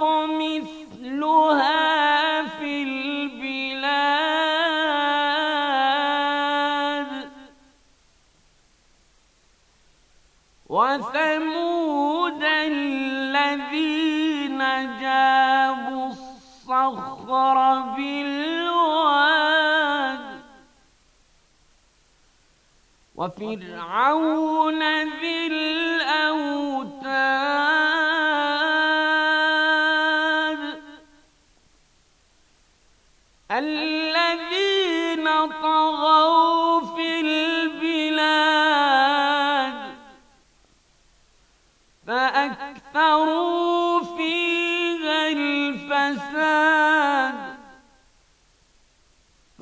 مثلها في البلاد وثمود الذين جابوا الصخر بالواد وفرعون ذي الأوتاد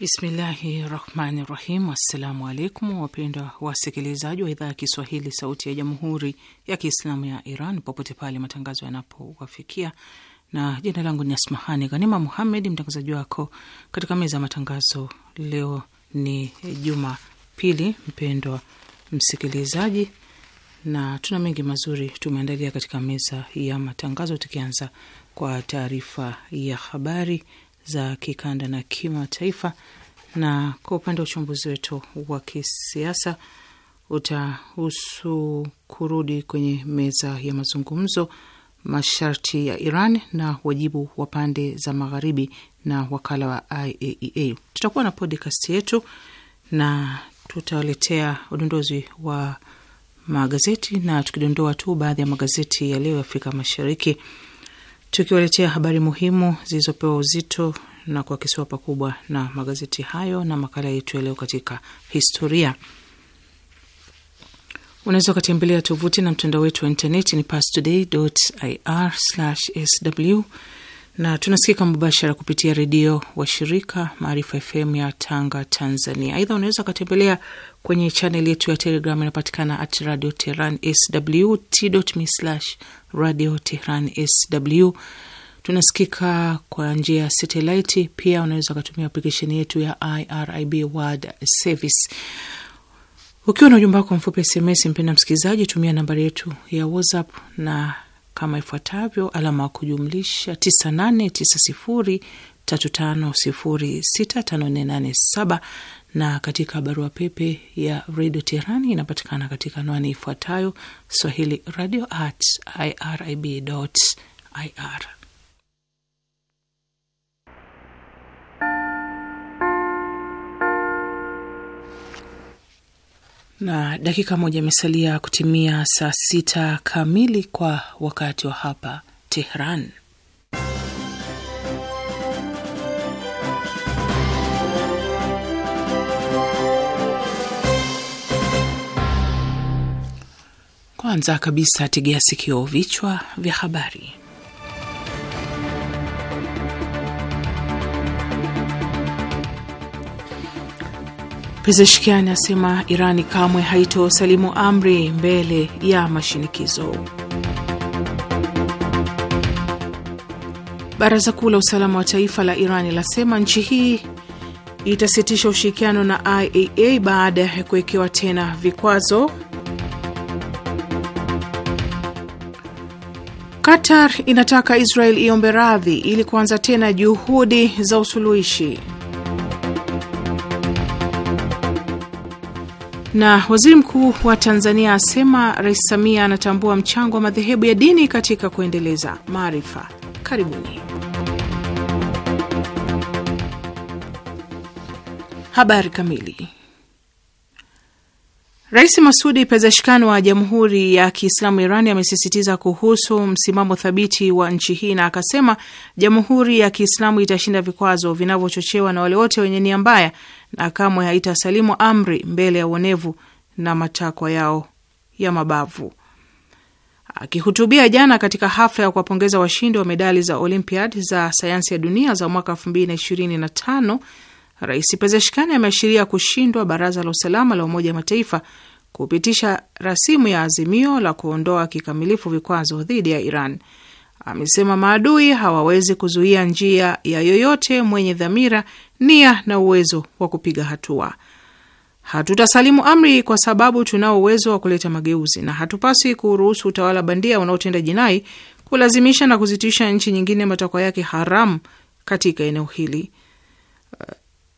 Bismillahi rahmani rahim. Assalamu alaikum wapendwa wasikilizaji wa idhaa ya Kiswahili sauti ya jamhuri ya Kiislamu ya Iran popote pale matangazo yanapowafikia, na jina langu ni Asmahani Ghanima Muhammed, mtangazaji wako katika meza ya matangazo. Leo ni Jumapili, mpendwa msikilizaji, na tuna mengi mazuri tumeandalia katika meza ya matangazo, tukianza kwa taarifa ya habari za kikanda na kimataifa. Na kwa upande wa uchambuzi wetu wa kisiasa utahusu kurudi kwenye meza ya mazungumzo, masharti ya Iran na wajibu wa pande za magharibi na wakala wa IAEA. E Tutakuwa na podcast yetu na tutawaletea udondozi wa magazeti na tukidondoa tu baadhi ya magazeti ya leo ya Afrika Mashariki tukiwaletea habari muhimu zilizopewa uzito na kuakisiwa pakubwa na magazeti hayo na makala yetu ya leo katika historia. Unaweza ukatembelea tovuti na mtandao wetu wa intaneti ni pastoday.ir/sw na tunasikika mubashara kupitia redio wa shirika Maarifa FM ya Tanga, Tanzania. Aidha, unaweza ukatembelea kwenye chanel yetu ya Telegram, inapatikana at Radio Tehran sw t.me slash Radio Tehran sw. Tunasikika kwa njia ya satelaiti pia. Unaweza ukatumia aplikesheni yetu ya IRIB World Service. Ukiwa na ujumba wako mfupi SMS, mpenda msikilizaji, tumia nambari yetu ya WhatsApp na kama ifuatavyo: alama ya kujumlisha 989035065487 na katika barua pepe ya redio Teherani inapatikana katika anwani ifuatayo swahili radio at irib ir na dakika moja imesalia kutimia saa sita kamili kwa wakati wa hapa Tehran. Kwanza kabisa, tegea sikio vichwa vya habari. Pezeshkian asema Irani kamwe haitosalimu amri mbele ya mashinikizo. Baraza Kuu la Usalama wa Taifa la Irani lasema nchi hii itasitisha ushirikiano na IAA baada ya kuwekewa tena vikwazo. Qatar inataka Israel iombe radhi ili kuanza tena juhudi za usuluhishi. Na waziri mkuu wa Tanzania asema Rais Samia anatambua mchango wa madhehebu ya dini katika kuendeleza maarifa. Karibuni habari kamili. Rais Masudi Pezeshkan wa Jamhuri ya Kiislamu Irani amesisitiza kuhusu msimamo thabiti wa nchi hii na akasema Jamhuri ya Kiislamu itashinda vikwazo vinavyochochewa na wale wote wenye nia mbaya na kamwe haitasalimu amri mbele ya uonevu na matakwa yao ya mabavu. Akihutubia jana katika hafla ya kuwapongeza washindi wa medali za Olympiad za sayansi ya dunia za mwaka tano Rais Pezeshkani ameashiria kushindwa Baraza la Usalama la Umoja wa Mataifa kupitisha rasimu ya azimio la kuondoa kikamilifu vikwazo dhidi ya Iran. Amesema maadui hawawezi kuzuia njia ya yoyote mwenye dhamira, nia na uwezo wa kupiga hatua. Hatutasalimu amri kwa sababu tunao uwezo wa kuleta mageuzi, na hatupasi kuruhusu utawala bandia unaotenda jinai kulazimisha na kuzitisha nchi nyingine matakwa yake haramu katika eneo hili. Uh,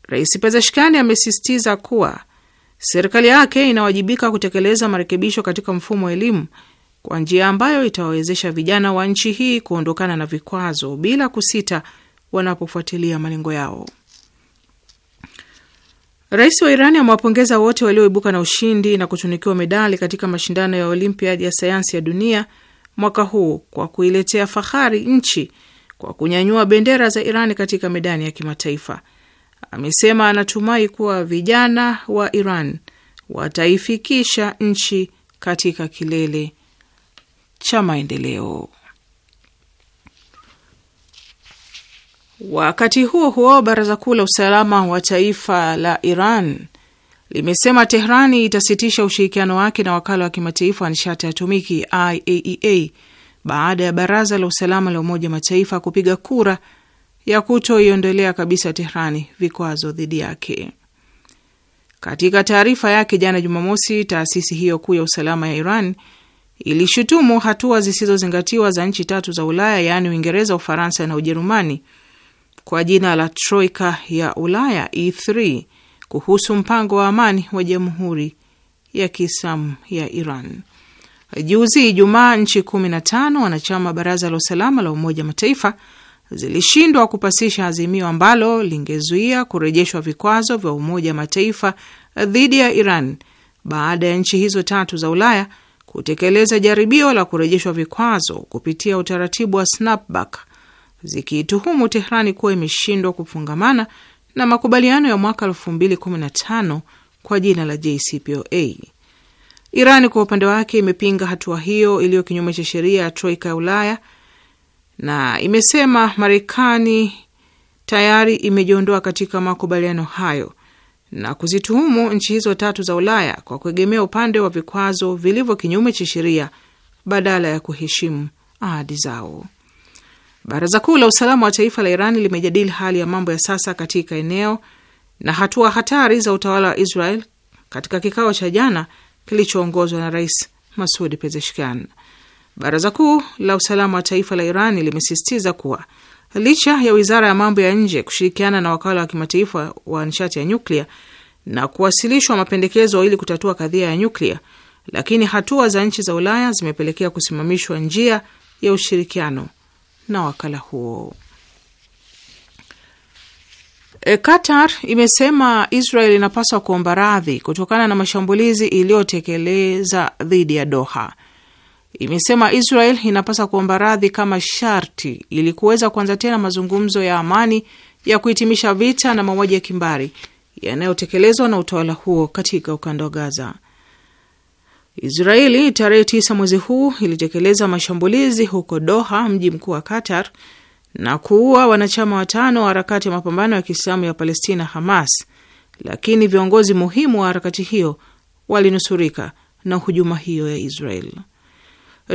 Rais Pezeshkani amesisitiza kuwa Serikali yake inawajibika kutekeleza marekebisho katika mfumo wa elimu kwa njia ambayo itawawezesha vijana wa nchi hii kuondokana na vikwazo bila kusita wanapofuatilia malengo yao. Rais wa Irani amewapongeza wote walioibuka na ushindi na kutunikiwa medali katika mashindano ya Olimpiadi ya sayansi ya dunia mwaka huu kwa kuiletea fahari nchi kwa kunyanyua bendera za Irani katika medani ya kimataifa amesema anatumai kuwa vijana wa Iran wataifikisha nchi katika kilele cha maendeleo. Wakati huo huo, baraza kuu la usalama wa taifa la Iran limesema Tehrani itasitisha ushirikiano wake na wakala wa kimataifa wa nishati ya atomiki IAEA e baada ya baraza la usalama la Umoja wa Mataifa kupiga kura ya kutoiondolea kabisa Tehrani vikwazo dhidi yake. Katika taarifa yake jana Jumamosi, taasisi hiyo kuu ya usalama ya Iran ilishutumu hatua zisizozingatiwa za nchi tatu za Ulaya, yaani Uingereza, Ufaransa na Ujerumani kwa jina la Troika ya Ulaya E3 kuhusu mpango wa amani wa Jamhuri ya Kiislamu ya Iran. Juzi Ijumaa, nchi 15 wanachama Baraza la Usalama la Umoja Mataifa zilishindwa kupasisha azimio ambalo lingezuia kurejeshwa vikwazo vya Umoja wa Mataifa dhidi ya Iran baada ya nchi hizo tatu za Ulaya kutekeleza jaribio la kurejeshwa vikwazo kupitia utaratibu wa snapback, zikiituhumu Tehrani kuwa imeshindwa kufungamana na makubaliano ya mwaka 2015 kwa jina la JCPOA. Iran kwa upande wake imepinga hatua hiyo iliyo kinyume cha sheria ya Troika ya Ulaya na imesema Marekani tayari imejiondoa katika makubaliano hayo na kuzituhumu nchi hizo tatu za Ulaya kwa kuegemea upande wa vikwazo vilivyo kinyume cha sheria badala ya kuheshimu ahadi zao. Baraza Kuu la Usalama wa Taifa la Iran limejadili hali ya mambo ya sasa katika eneo na hatua hatari za utawala wa Israel katika kikao cha jana kilichoongozwa na Rais Masud Pezeshkian. Baraza Kuu la Usalama wa Taifa la Iran limesisitiza kuwa licha ya wizara ya mambo ya nje kushirikiana na wakala wa kimataifa wa nishati ya nyuklia na kuwasilishwa mapendekezo ili kutatua kadhia ya nyuklia, lakini hatua za nchi za Ulaya zimepelekea kusimamishwa njia ya ushirikiano na wakala huo. E, Qatar imesema Israel inapaswa kuomba radhi kutokana na mashambulizi iliyotekeleza dhidi ya Doha imesema Israel inapaswa kuomba radhi kama sharti ili kuweza kuanza tena mazungumzo ya amani ya kuhitimisha vita na mauaji ya kimbari yanayotekelezwa na utawala huo katika ukanda wa Gaza. Israeli tarehe 9 mwezi huu ilitekeleza mashambulizi huko Doha, mji mkuu wa Qatar, na kuua wanachama watano wa harakati ya mapambano ya Kiislamu ya Palestina, Hamas, lakini viongozi muhimu wa harakati hiyo walinusurika na hujuma hiyo ya Israeli.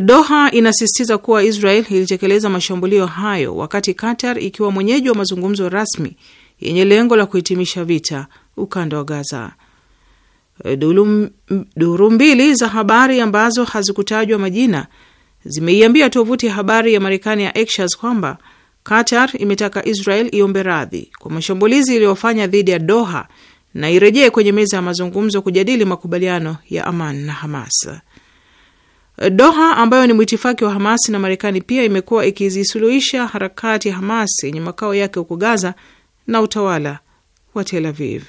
Doha inasisitiza kuwa Israel ilitekeleza mashambulio hayo wakati Qatar ikiwa mwenyeji wa mazungumzo rasmi yenye lengo la kuhitimisha vita ukanda wa Gaza. Dulu, duru mbili za habari ambazo hazikutajwa majina zimeiambia tovuti ya habari ya Marekani ya Axios kwamba Qatar imetaka Israel iombe radhi kwa mashambulizi iliyofanya dhidi ya Doha na irejee kwenye meza ya mazungumzo kujadili makubaliano ya amani na Hamas. Eh, Doha ambayo ni mwitifaki wa hamasi na Marekani pia imekuwa ikizisuluhisha harakati ya yenye makao yake huko Gaza na utawala wa Tel Aviv.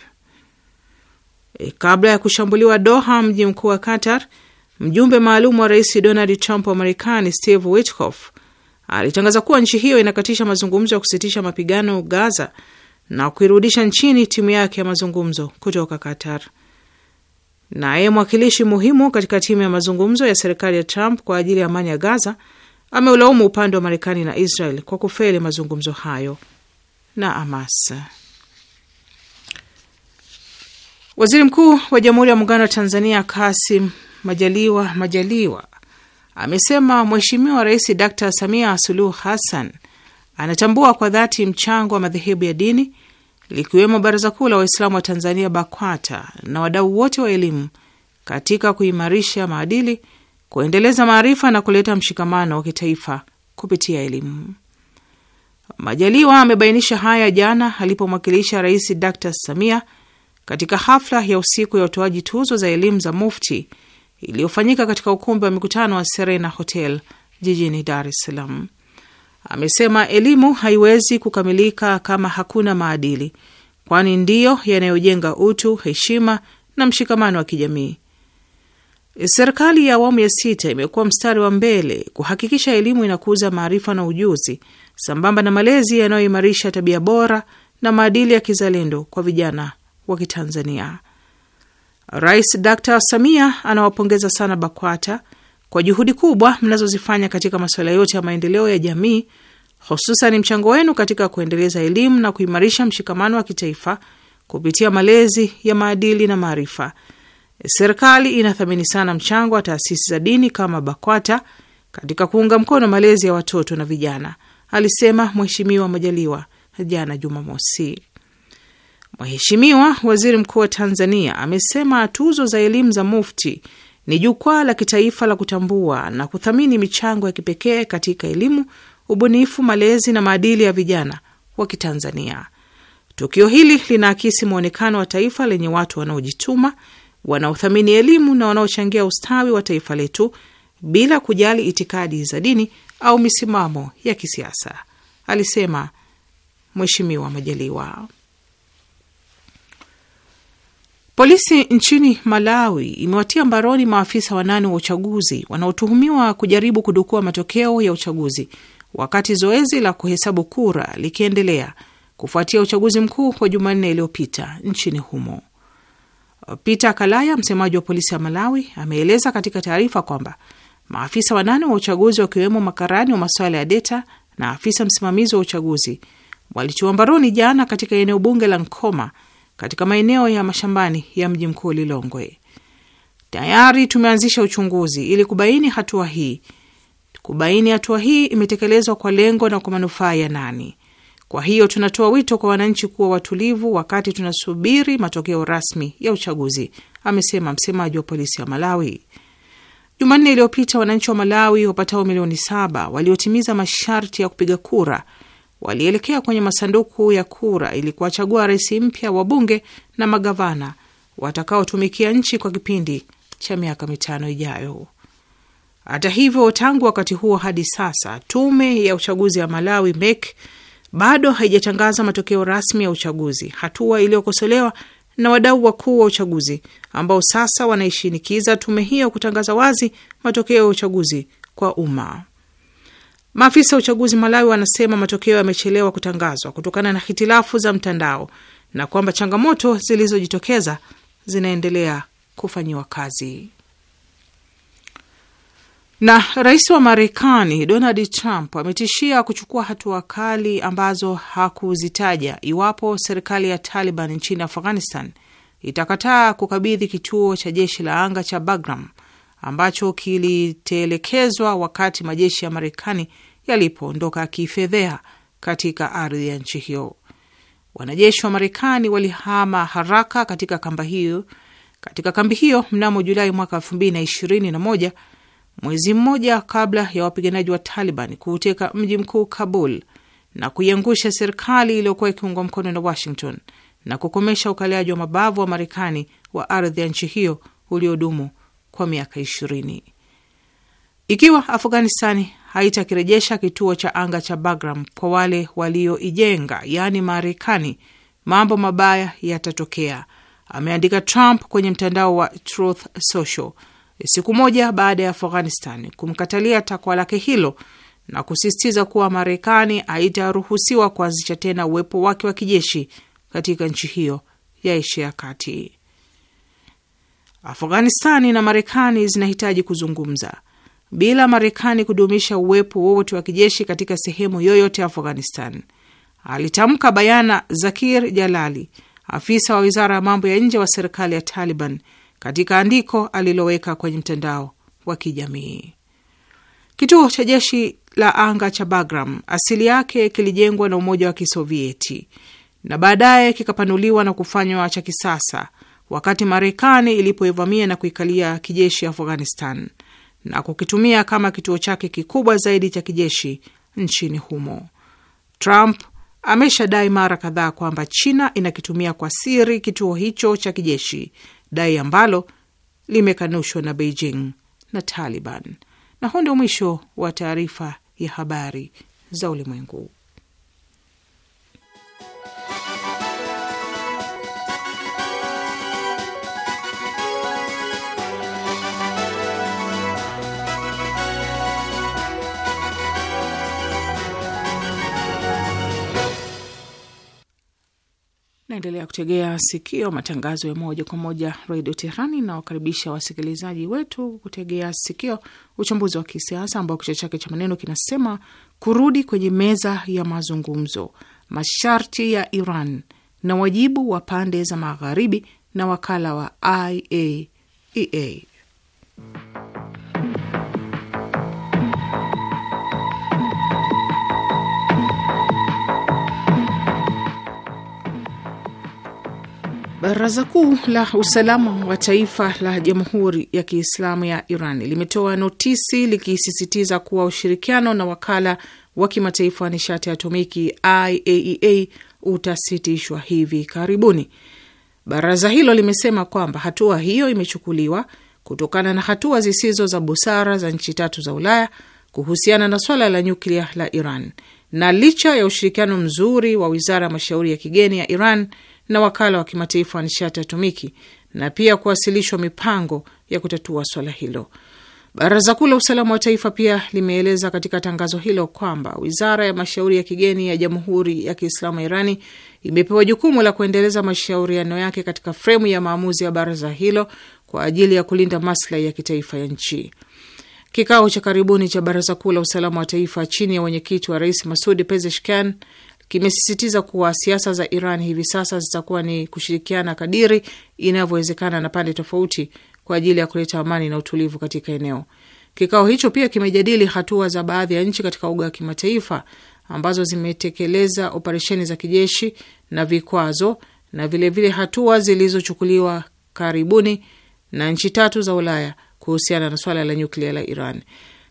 E, kabla ya kushambuliwa Doha, mji mkuu wa Qatar, mjumbe maalum wa Rais Donald Trump wa Marekani Steve Witkoff alitangaza kuwa nchi hiyo inakatisha mazungumzo ya kusitisha mapigano Gaza na kuirudisha nchini timu yake ya mazungumzo kutoka Qatar. Naye mwakilishi muhimu katika timu ya mazungumzo ya serikali ya Trump kwa ajili ya amani ya Gaza ameulaumu upande wa Marekani na Israel kwa kufeli mazungumzo hayo na Hamas. Waziri Mkuu wa Jamhuri ya Muungano wa Tanzania Kasim Majaliwa Majaliwa amesema Mheshimiwa Rais Dr Samia Suluhu Hassan anatambua kwa dhati mchango wa madhehebu ya dini likiwemo Baraza Kuu la Waislamu wa Tanzania BAKWATA na wadau wote wa elimu katika kuimarisha maadili, kuendeleza maarifa na kuleta mshikamano wa kitaifa kupitia elimu. Majaliwa amebainisha haya jana alipomwakilisha Rais Dr Samia katika hafla ya usiku ya utoaji tuzo za elimu za Mufti iliyofanyika katika ukumbi wa mikutano wa Serena Hotel jijini Dar es Salaam. Amesema elimu haiwezi kukamilika kama hakuna maadili, kwani ndiyo yanayojenga utu, heshima na mshikamano wa kijamii. Serikali ya awamu ya sita imekuwa mstari wa mbele kuhakikisha elimu inakuza maarifa na ujuzi sambamba na malezi yanayoimarisha tabia bora na maadili ya kizalendo kwa vijana wa Kitanzania. Rais Dr Samia anawapongeza sana BAKWATA kwa juhudi kubwa mnazozifanya katika masuala yote ya maendeleo ya jamii, hususan mchango wenu katika kuendeleza elimu na kuimarisha mshikamano wa kitaifa kupitia malezi ya maadili na maarifa. Serikali inathamini sana mchango wa taasisi za dini kama BAKWATA katika kuunga mkono malezi ya watoto na vijana, alisema Mheshimiwa Majaliwa jana Jumamosi. Mheshimiwa Waziri Mkuu wa Tanzania amesema tuzo za elimu za Mufti ni jukwaa la kitaifa la kutambua na kuthamini michango ya kipekee katika elimu, ubunifu, malezi na maadili ya vijana wa Kitanzania. Tukio hili linaakisi mwonekano wa taifa lenye watu wanaojituma, wanaothamini elimu na wanaochangia ustawi wa taifa letu bila kujali itikadi za dini au misimamo ya kisiasa, alisema Mheshimiwa Majaliwa. Polisi nchini Malawi imewatia mbaroni maafisa wanane wa uchaguzi wanaotuhumiwa kujaribu kudukua matokeo ya uchaguzi wakati zoezi la kuhesabu kura likiendelea kufuatia uchaguzi mkuu wa Jumanne iliyopita nchini humo. Peter Kalaya, msemaji wa polisi ya Malawi, ameeleza katika taarifa kwamba maafisa wanane wa uchaguzi wakiwemo makarani wa masuala ya deta na afisa msimamizi wa uchaguzi walitiwa mbaroni jana katika eneo bunge la Nkoma katika maeneo ya mashambani ya mji mkuu Lilongwe. Tayari tumeanzisha uchunguzi ili kubaini hatua hii kubaini hatua hii imetekelezwa kwa lengo na kwa manufaa ya nani. Kwa hiyo tunatoa wito kwa wananchi kuwa watulivu wakati tunasubiri matokeo rasmi ya uchaguzi, amesema msemaji wa polisi ya Malawi. Jumanne iliyopita wananchi wa Malawi wapatao milioni saba waliotimiza masharti ya kupiga kura walielekea kwenye masanduku ya kura ili kuwachagua rais mpya, wabunge na magavana watakaotumikia nchi kwa kipindi cha miaka mitano ijayo. Hata hivyo, tangu wakati huo hadi sasa tume ya uchaguzi ya Malawi MEC bado haijatangaza matokeo rasmi ya uchaguzi, hatua iliyokosolewa na wadau wakuu wa uchaguzi ambao sasa wanaishinikiza tume hiyo kutangaza wazi matokeo ya uchaguzi kwa umma. Maafisa wa uchaguzi Malawi wanasema matokeo yamechelewa kutangazwa kutokana na hitilafu za mtandao na kwamba changamoto zilizojitokeza zinaendelea kufanyiwa kazi. Na rais wa Marekani Donald Trump ametishia kuchukua hatua kali ambazo hakuzitaja iwapo serikali ya Taliban nchini Afghanistan itakataa kukabidhi kituo cha jeshi la anga cha Bagram ambacho kilitelekezwa wakati majeshi ya Marekani yalipoondoka kifedhea katika ardhi ya nchi hiyo. Wanajeshi wa Marekani walihama haraka katika kamba hiyo katika kambi hiyo mnamo Julai mwaka elfu mbili na ishirini na moja, mwezi mmoja kabla ya wapiganaji wa Taliban kuuteka mji mkuu Kabul na kuiangusha serikali iliyokuwa ikiungwa mkono na Washington na kukomesha ukaliaji wa mabavu wa Marekani wa ardhi ya nchi hiyo uliodumu kwa miaka ishirini. Ikiwa Afghanistani haitakirejesha kituo cha anga cha Bagram kwa wale walioijenga, yaani Marekani, mambo mabaya yatatokea, ameandika Trump kwenye mtandao wa Truth Social siku moja baada ya Afghanistan kumkatalia takwa lake hilo na kusisitiza kuwa Marekani haitaruhusiwa kuanzisha tena uwepo wake wa kijeshi katika nchi hiyo ya Asia ya Kati. Afghanistani na Marekani zinahitaji kuzungumza bila Marekani kudumisha uwepo wowote wa kijeshi katika sehemu yoyote ya Afghanistan, alitamka bayana Zakir Jalali, afisa wa wizara ya mambo ya nje wa serikali ya Taliban, katika andiko aliloweka kwenye mtandao wa kijamii. Kituo cha jeshi la anga cha Bagram asili yake kilijengwa na Umoja wa Kisovieti na baadaye kikapanuliwa na kufanywa cha kisasa wakati Marekani ilipoivamia na kuikalia kijeshi Afghanistan na kukitumia kama kituo chake kikubwa zaidi cha kijeshi nchini humo. Trump ameshadai mara kadhaa kwamba China inakitumia kwa siri kituo hicho cha kijeshi, dai ambalo limekanushwa na Beijing na Taliban. Na huu ndio mwisho wa taarifa ya habari za ulimwengu. Naendelea kutegea sikio matangazo ya moja kwa moja redio Tehrani. Nawakaribisha wasikilizaji wetu kutegea sikio uchambuzi wa kisiasa ambao kichwa chake cha maneno kinasema kurudi kwenye meza ya mazungumzo, masharti ya Iran na wajibu wa pande za Magharibi na wakala wa IAEA. E Baraza Kuu la Usalama wa Taifa la Jamhuri ya Kiislamu ya Iran limetoa notisi likisisitiza kuwa ushirikiano na wakala wa kimataifa wa nishati ya atomiki IAEA e utasitishwa hivi karibuni. Baraza hilo limesema kwamba hatua hiyo imechukuliwa kutokana na hatua zisizo za busara za nchi tatu za Ulaya kuhusiana na swala la nyuklia la Iran, na licha ya ushirikiano mzuri wa wizara ya mashauri ya kigeni ya Iran na wakala wa kimataifa wa nishati atomiki na pia kuwasilishwa mipango ya kutatua swala hilo. Baraza Kuu la Usalama wa Taifa pia limeeleza katika tangazo hilo kwamba wizara ya mashauri ya kigeni ya Jamhuri ya Kiislamu Irani imepewa jukumu la kuendeleza mashauriano yake katika fremu ya maamuzi ya baraza hilo kwa ajili ya kulinda maslahi ya kitaifa ya nchi. Kikao cha karibuni cha Baraza Kuu la Usalama wa Taifa chini ya wenyekiti wa Rais Masudi Pezeshkian kimesisitiza kuwa siasa za Iran hivi sasa zitakuwa ni kushirikiana kadiri inavyowezekana na pande tofauti kwa ajili ya kuleta amani na utulivu katika eneo. Kikao hicho pia kimejadili hatua za baadhi ya nchi katika uga wa kimataifa ambazo zimetekeleza operesheni za kijeshi na vikwazo na vilevile vile hatua zilizochukuliwa karibuni na nchi tatu za Ulaya kuhusiana na swala la nyuklia la Iran.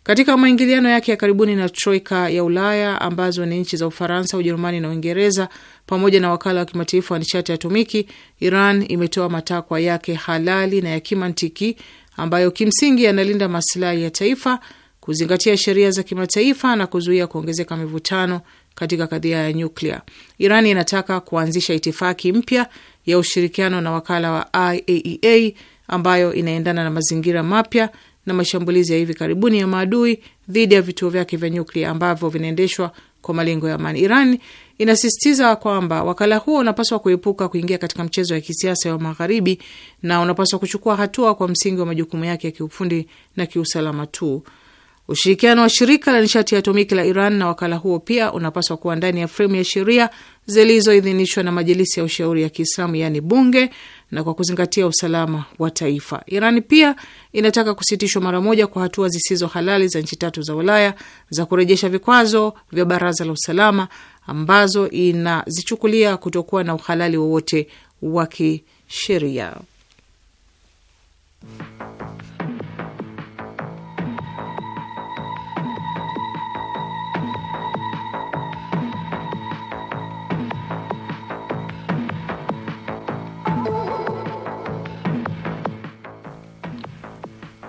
Katika maingiliano yake ya karibuni na troika ya Ulaya ambazo ni nchi za Ufaransa, Ujerumani na Uingereza pamoja na wakala wa kimataifa wa nishati ya atomiki, Iran imetoa matakwa yake halali na ya kimantiki ambayo kimsingi yanalinda masilahi ya taifa, kuzingatia sheria za kimataifa na kuzuia kuongezeka mivutano katika kadhia ya nyuklia. Iran inataka kuanzisha itifaki mpya ya ushirikiano na wakala wa IAEA e ambayo inaendana na mazingira mapya na mashambulizi ya hivi karibuni ya maadui dhidi ya vituo vyake vya nyuklia ambavyo vinaendeshwa kwa malengo ya amani. Iran inasisitiza kwamba wakala huo unapaswa kuepuka kuingia katika mchezo wa kisiasa wa Magharibi na unapaswa kuchukua hatua kwa msingi wa majukumu yake ya kiufundi na kiusalama tu. Ushirikiano wa shirika la nishati ya atomiki la Iran na wakala huo pia unapaswa kuwa ndani ya fremu ya sheria zilizoidhinishwa na majilisi ya ushauri ya Kiislamu, yaani bunge, na kwa kuzingatia usalama wa taifa. Iran pia inataka kusitishwa mara moja kwa hatua zisizo halali za nchi tatu za Ulaya za kurejesha vikwazo vya Baraza la Usalama ambazo inazichukulia kutokuwa na uhalali wowote wa kisheria.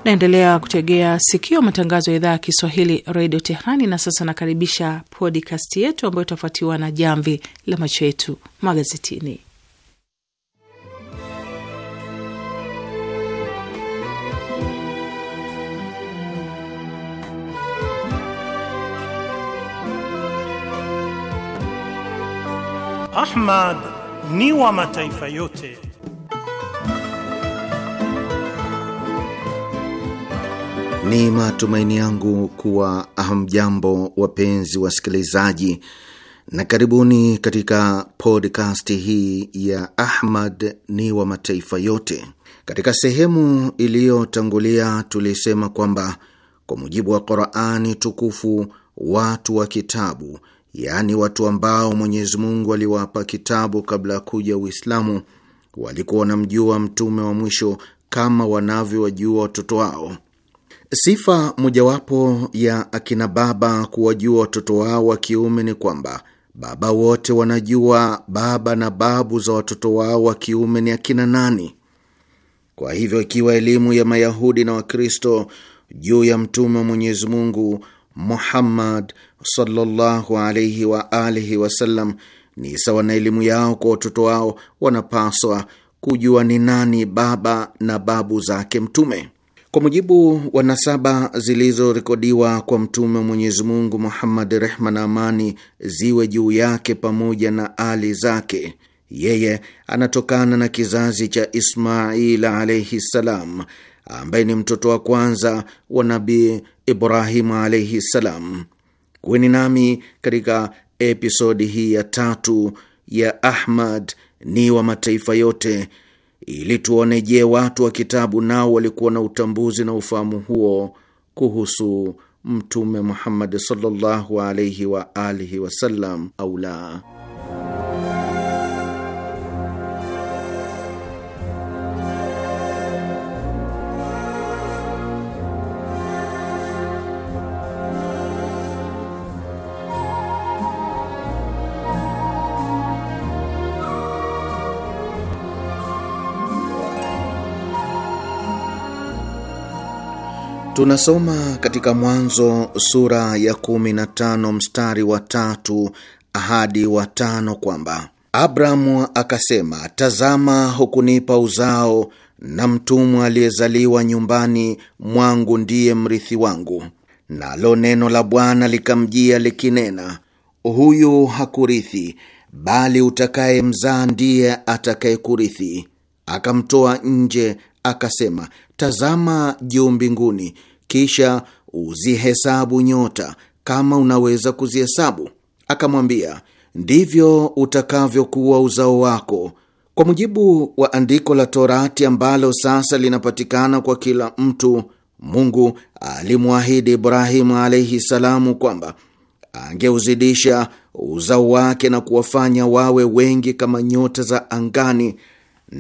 Naendelea kutegea sikio matangazo ya idhaa ya Kiswahili redio Tehrani. Na sasa nakaribisha podcast yetu ambayo itafuatiwa na jamvi la macho yetu magazetini. Ahmad ni wa mataifa yote Ni matumaini yangu kuwa hamjambo, wapenzi wasikilizaji, na karibuni katika podcast hii ya Ahmad ni wa mataifa yote. Katika sehemu iliyotangulia tulisema kwamba kwa mujibu wa Qurani tukufu watu wa kitabu, yaani watu ambao Mwenyezi Mungu aliwapa kitabu kabla ya kuja Uislamu, walikuwa wanamjua mtume wa mwisho kama wanavyowajua watoto wao Sifa mojawapo ya akina baba kuwajua watoto wao wa kiume ni kwamba baba wote wanajua baba na babu za watoto wao wa kiume ni akina nani. Kwa hivyo, ikiwa elimu ya Mayahudi na Wakristo juu ya mtume wa Mwenyezi Mungu Muhammad sallallahu alaihi wa alihi wasallam ni sawa na elimu yao kwa watoto wao, wanapaswa kujua ni nani baba na babu zake mtume. Kwa mujibu wa nasaba zilizorekodiwa kwa Mtume wa Mwenyezi Mungu Muhammad, rehma na amani ziwe juu yake pamoja na ali zake, yeye anatokana na kizazi cha Ismail alaihi ssalam, ambaye ni mtoto wa kwanza wa Nabii Ibrahimu alaihi ssalam. Kuweni nami katika episodi hii ya tatu ya Ahmad ni wa mataifa yote ili tuone, je, watu wa kitabu nao walikuwa na utambuzi na ufahamu huo kuhusu Mtume Muhammad sallallahu alaihi wa alihi wasallam au la? Tunasoma katika Mwanzo sura ya 15 mstari wa tatu hadi wa tano kwamba Abramu akasema, tazama, hukunipa uzao na mtumwa aliyezaliwa nyumbani mwangu ndiye mrithi wangu. Nalo neno la Bwana likamjia likinena, huyu hakurithi, bali utakayemzaa ndiye atakayekurithi. Akamtoa nje akasema, tazama juu mbinguni, kisha uzihesabu nyota kama unaweza kuzihesabu. Akamwambia, ndivyo utakavyokuwa uzao wako. Kwa mujibu wa andiko la Torati ambalo sasa linapatikana kwa kila mtu, Mungu alimwahidi Ibrahimu alaihi salamu kwamba angeuzidisha uzao wake na kuwafanya wawe wengi kama nyota za angani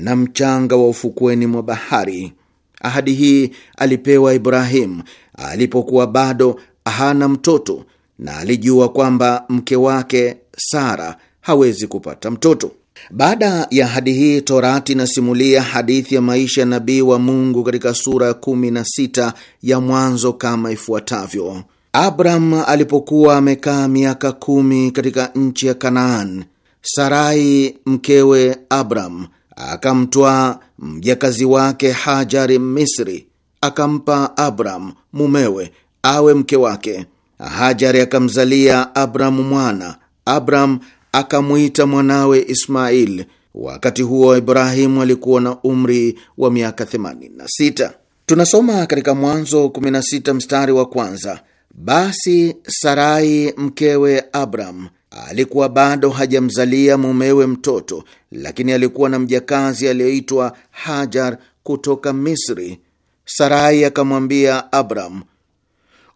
na mchanga wa ufukweni mwa bahari. Ahadi hii alipewa Ibrahimu alipokuwa bado hana mtoto, na alijua kwamba mke wake Sara hawezi kupata mtoto. Baada ya ahadi hii, Torati inasimulia hadithi ya maisha ya nabii wa Mungu katika sura ya 16 ya Mwanzo kama ifuatavyo: Abram alipokuwa amekaa miaka kumi katika nchi ya Kanaan, Sarai mkewe Abram akamtwaa mjakazi wake Hajari Misri, akampa Abram mumewe awe mke wake. Hajari akamzalia Abram mwana. Abram akamwita mwanawe Ismail. Wakati huo Ibrahimu alikuwa na umri wa miaka 86. Tunasoma katika Mwanzo 16 mstari wa kwanza, basi Sarai mkewe Abram alikuwa bado hajamzalia mumewe mtoto, lakini alikuwa na mjakazi aliyeitwa Hajar kutoka Misri. Sarai akamwambia Abram,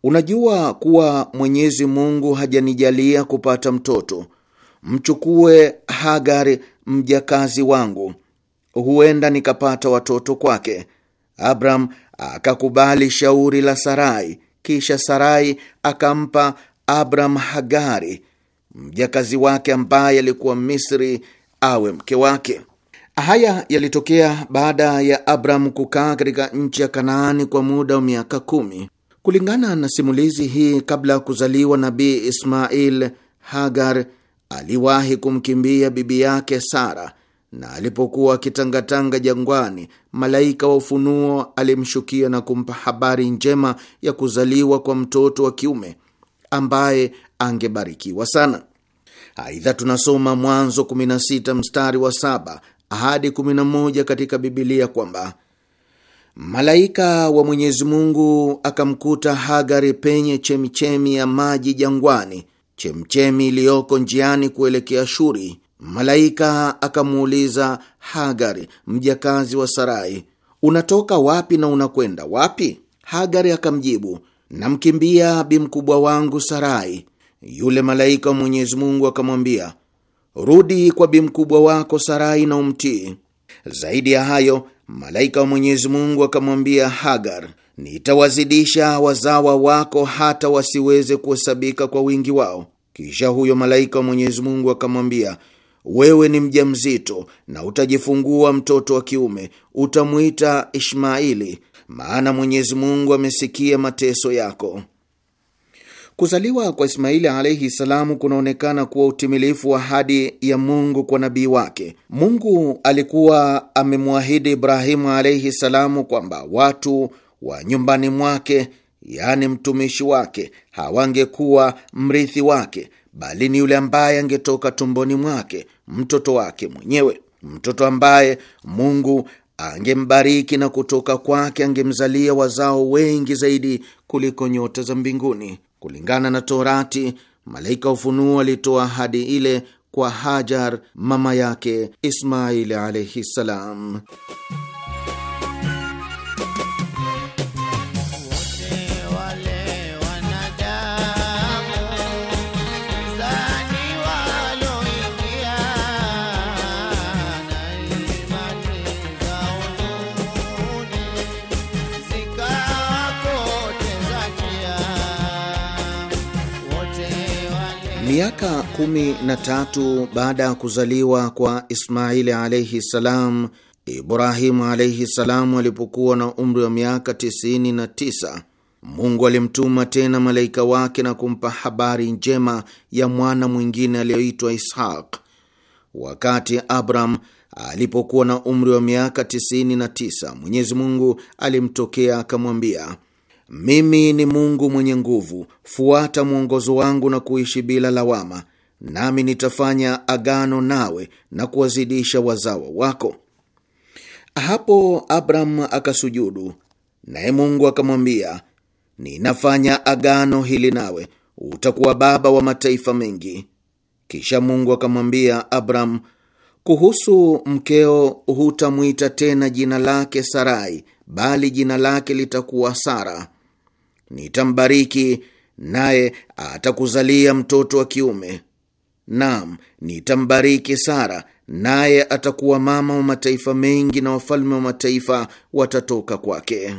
unajua kuwa Mwenyezi Mungu hajanijalia kupata mtoto. Mchukue hagar mjakazi wangu, huenda nikapata watoto kwake. Abram akakubali shauri la Sarai. Kisha Sarai akampa Abram Hagari mjakazi wake ambaye alikuwa Misri awe mke wake. Haya yalitokea baada ya Abram kukaa katika nchi ya Kanaani kwa muda wa miaka kumi. Kulingana na simulizi hii, kabla ya kuzaliwa Nabii Ismail, Hagar aliwahi kumkimbia bibi yake Sara, na alipokuwa akitangatanga jangwani, malaika wa ufunuo alimshukia na kumpa habari njema ya kuzaliwa kwa mtoto wa kiume ambaye angebarikiwa sana. Aidha, tunasoma Mwanzo 16 mstari wa 7 hadi 11 katika Bibilia kwamba malaika wa Mwenyezi Mungu akamkuta Hagari penye chemichemi ya maji jangwani, chemchemi iliyoko njiani kuelekea Shuri. Malaika akamuuliza Hagari, mjakazi wa Sarai, unatoka wapi na unakwenda wapi? Hagari akamjibu, namkimbia bi mkubwa wangu Sarai, yule malaika wa Mwenyezi Mungu akamwambia, rudi kwa bi mkubwa wako Sarai na umtii. Zaidi ya hayo, malaika wa Mwenyezi Mungu akamwambia Hagar, nitawazidisha wazawa wako hata wasiweze kuhesabika kwa wingi wao. Kisha huyo malaika wa Mwenyezi Mungu akamwambia, wewe ni mja mzito na utajifungua mtoto wa kiume, utamwita Ishmaili, maana Mwenyezi Mungu amesikia mateso yako. Kuzaliwa kwa Ismaili alaihi salamu kunaonekana kuwa utimilifu wa ahadi ya Mungu kwa nabii wake. Mungu alikuwa amemwahidi Ibrahimu alaihi salamu kwamba watu wa nyumbani mwake, yaani mtumishi wake, hawangekuwa mrithi wake, bali ni yule ambaye angetoka tumboni mwake, mtoto wake mwenyewe, mtoto ambaye Mungu angembariki na kutoka kwake angemzalia wazao wengi zaidi kuliko nyota za mbinguni. Kulingana na Torati, malaika ufunuo alitoa ahadi ile kwa Hajar mama yake Ismaili alaihi ssalam. Miaka kumi na tatu baada ya kuzaliwa kwa Ismaili alaihi ssalam, Ibrahimu alaihi salamu alipokuwa na umri wa miaka 99 Mungu alimtuma tena malaika wake na kumpa habari njema ya mwana mwingine aliyoitwa Ishaq. Wakati Abram alipokuwa na umri wa miaka 99, Mwenyezi Mungu alimtokea akamwambia mimi ni Mungu mwenye nguvu, fuata mwongozo wangu na kuishi bila lawama, nami nitafanya agano nawe na kuwazidisha wazawa wako. Hapo Abram akasujudu, naye Mungu akamwambia, ninafanya agano hili nawe, utakuwa baba wa mataifa mengi. Kisha Mungu akamwambia Abram, kuhusu mkeo, hutamwita tena jina lake Sarai, bali jina lake litakuwa Sara, nitambariki naye atakuzalia mtoto wa kiume. Naam, nitambariki Sara naye atakuwa mama wa mataifa mengi, na wafalme wa mataifa watatoka kwake.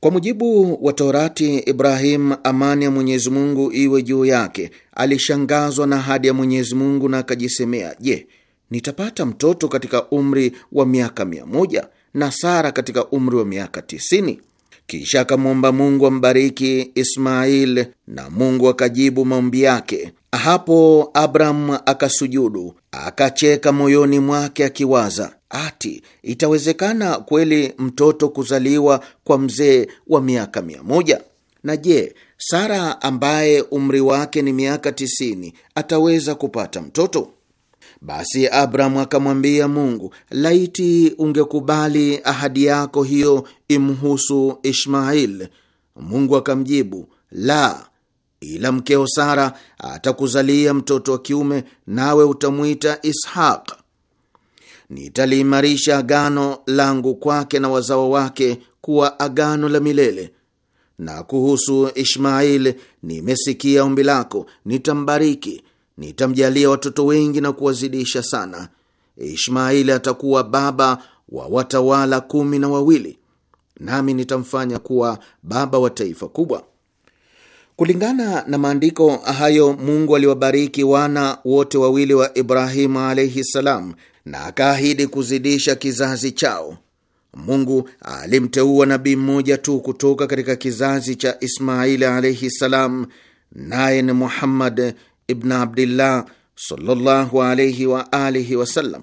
Kwa mujibu wa Taurati, Ibrahim, amani ya Mwenyezi Mungu iwe juu yake, alishangazwa na ahadi ya Mwenyezi Mungu na akajisemea, je, nitapata mtoto katika umri wa miaka mia moja na Sara katika umri wa miaka tisini? Kisha akamwomba Mungu ambariki Ismail na Mungu akajibu maombi yake. Hapo Abram akasujudu, akacheka moyoni mwake akiwaza, ati itawezekana kweli mtoto kuzaliwa kwa mzee wa miaka mia moja? Na je, Sara ambaye umri wake ni miaka tisini ataweza kupata mtoto? Basi Abramu akamwambia Mungu, laiti ungekubali ahadi yako hiyo imhusu Ishmail. Mungu akamjibu, la, ila mkeo Sara atakuzalia mtoto wa kiume, nawe utamwita Ishaq. Nitaliimarisha agano langu kwake na wazao wake kuwa agano la milele na kuhusu Ishmail nimesikia ombi lako, nitambariki nitamjalia watoto wengi na kuwazidisha sana. Ishmaili atakuwa baba wa watawala kumi na wawili, nami nitamfanya kuwa baba wa taifa kubwa. Kulingana na maandiko hayo, Mungu aliwabariki wana wote wawili wa Ibrahimu alaihi salam na akaahidi kuzidisha kizazi chao. Mungu alimteua nabii mmoja tu kutoka katika kizazi cha Ismaili alaihi salam, naye ni Muhammad ibn Abdillah sallallahu alaihi wa alihi wasallam,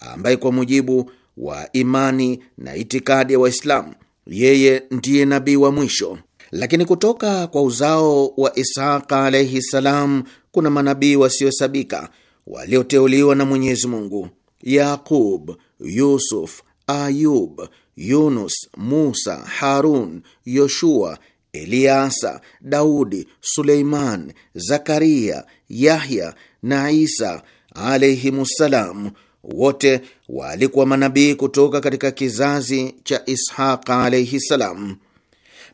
ambaye kwa mujibu wa imani na itikadi ya wa Waislamu yeye ndiye nabii wa mwisho. Lakini kutoka kwa uzao wa Ishaqa alaihi salam kuna manabii wasiosabika walioteuliwa na Mwenyezi Mungu: Yaqub, Yusuf, Ayub, Yunus, Musa, Harun, Yoshua, Eliasa, Daudi, Suleiman, Zakariya, Yahya na Isa alaihimussalam, wote walikuwa manabii kutoka katika kizazi cha ishaq alaihi salam.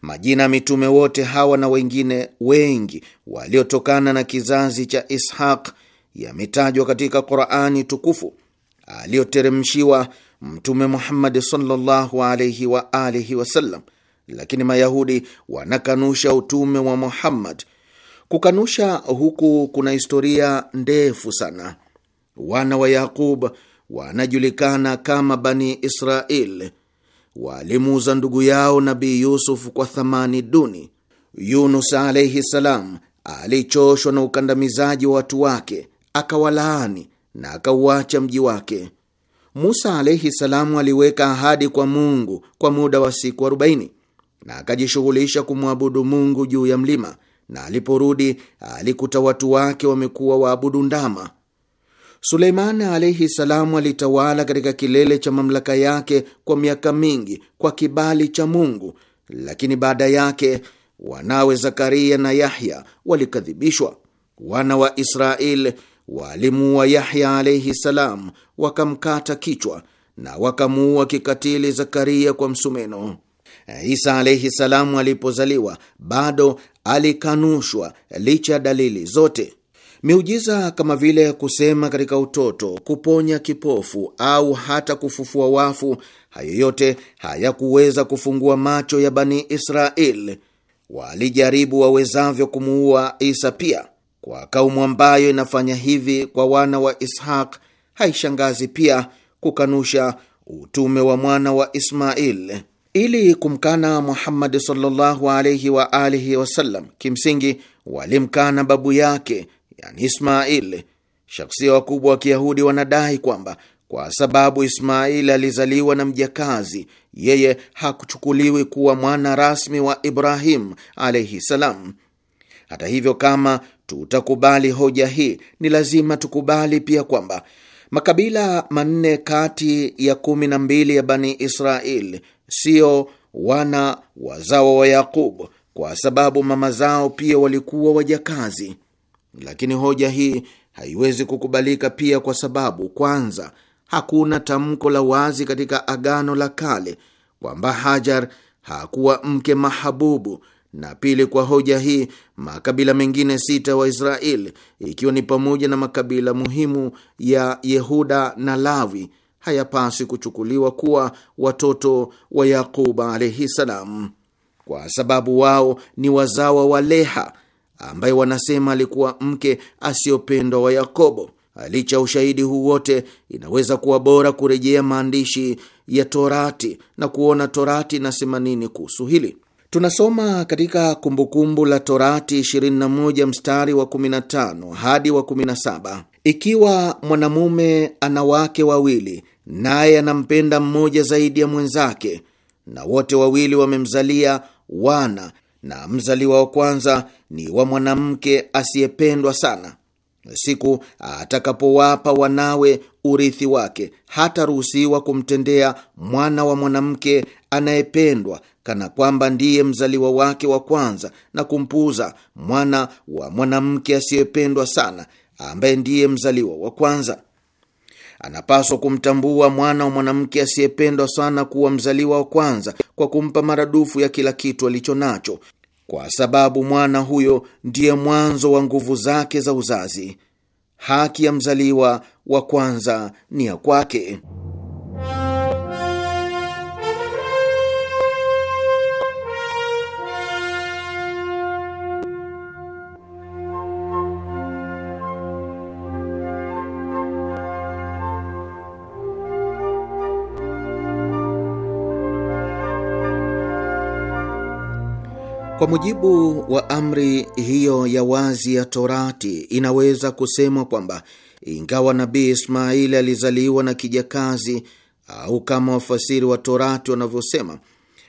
Majina ya mitume wote hawa na wengine wengi waliotokana na kizazi cha Ishaq yametajwa katika Qurani tukufu aliyoteremshiwa Mtume Muhammad sallallahu alaihi wa alihi wasallam, lakini Mayahudi wanakanusha utume wa Muhammad Kukanusha huku kuna historia ndefu sana. Wana wa Yaqub wanajulikana kama Bani Israel. Walimuuza ndugu yao Nabii Yusuf kwa thamani duni. Yunus alaihi salam alichoshwa na ukandamizaji wa watu wake, akawalaani na akauacha mji wake. Musa alaihi salamu aliweka ahadi kwa Mungu kwa muda wa siku 40 na akajishughulisha kumwabudu Mungu juu ya mlima na aliporudi alikuta watu wake wamekuwa waabudu ndama. Suleiman alaihi salamu alitawala katika kilele cha mamlaka yake kwa miaka mingi kwa kibali cha Mungu, lakini baada yake wanawe Zakaria na Yahya walikadhibishwa. Wana wa Israel walimuua Yahya alaihi salam, wakamkata kichwa na wakamuua kikatili Zakaria kwa msumeno. Isa alaihi salamu alipozaliwa bado alikanushwa licha ya dalili zote. Miujiza kama vile kusema katika utoto, kuponya kipofu au hata kufufua wafu, hayo yote hayakuweza kufungua macho ya Bani Israel. Walijaribu wawezavyo kumuua Isa pia. Kwa kaumu ambayo inafanya hivi kwa wana wa Ishaq, haishangazi pia kukanusha utume wa mwana wa Ismail ili kumkana Muhammad sallallahu alaihi wa alihi wasallam. Kimsingi walimkana babu yake, yani Ismail. Shakhsia wakubwa wa Kiyahudi wanadai kwamba kwa sababu Ismail alizaliwa na mjakazi, yeye hakuchukuliwi kuwa mwana rasmi wa Ibrahim alaihi salam. Hata hivyo, kama tutakubali hoja hii, ni lazima tukubali pia kwamba makabila manne kati ya kumi na mbili ya Bani Israel sio wana wazao wa Yakubu, kwa sababu mama zao pia walikuwa wajakazi. Lakini hoja hii haiwezi kukubalika pia kwa sababu kwanza, hakuna tamko la wazi katika Agano la Kale kwamba Hajar hakuwa mke mahabubu, na pili, kwa hoja hii makabila mengine sita wa Israeli, ikiwa ni pamoja na makabila muhimu ya Yehuda na Lawi hayapasi kuchukuliwa kuwa watoto wa Yaquba alaihi salam, kwa sababu wao ni wazawa wa Leha ambaye wanasema alikuwa mke asiyopendwa wa Yakobo. Licha ushahidi huu wote, inaweza kuwa bora kurejea maandishi ya Torati na kuona Torati inasema nini kuhusu hili. Tunasoma katika Kumbukumbu kumbu la Torati 21 mstari wa 15 hadi wa 17: ikiwa mwanamume ana wake wawili naye anampenda mmoja zaidi ya mwenzake, na wote wawili wamemzalia wana, na mzaliwa wa kwanza ni wa mwanamke asiyependwa sana. Siku atakapowapa wanawe urithi wake, hataruhusiwa kumtendea mwana wa mwanamke anayependwa kana kwamba ndiye mzaliwa wake wa kwanza, na kumpuuza mwana wa mwanamke asiyependwa sana ambaye ndiye mzaliwa wa kwanza anapaswa kumtambua mwana wa mwanamke asiyependwa sana kuwa mzaliwa wa kwanza kwa kumpa maradufu ya kila kitu alicho nacho, kwa sababu mwana huyo ndiye mwanzo wa nguvu zake za uzazi. Haki ya mzaliwa wa kwanza ni ya kwake. Kwa mujibu wa amri hiyo ya wazi ya Torati, inaweza kusemwa kwamba ingawa Nabii Ismaili alizaliwa na kijakazi au kama wafasiri wa Torati wanavyosema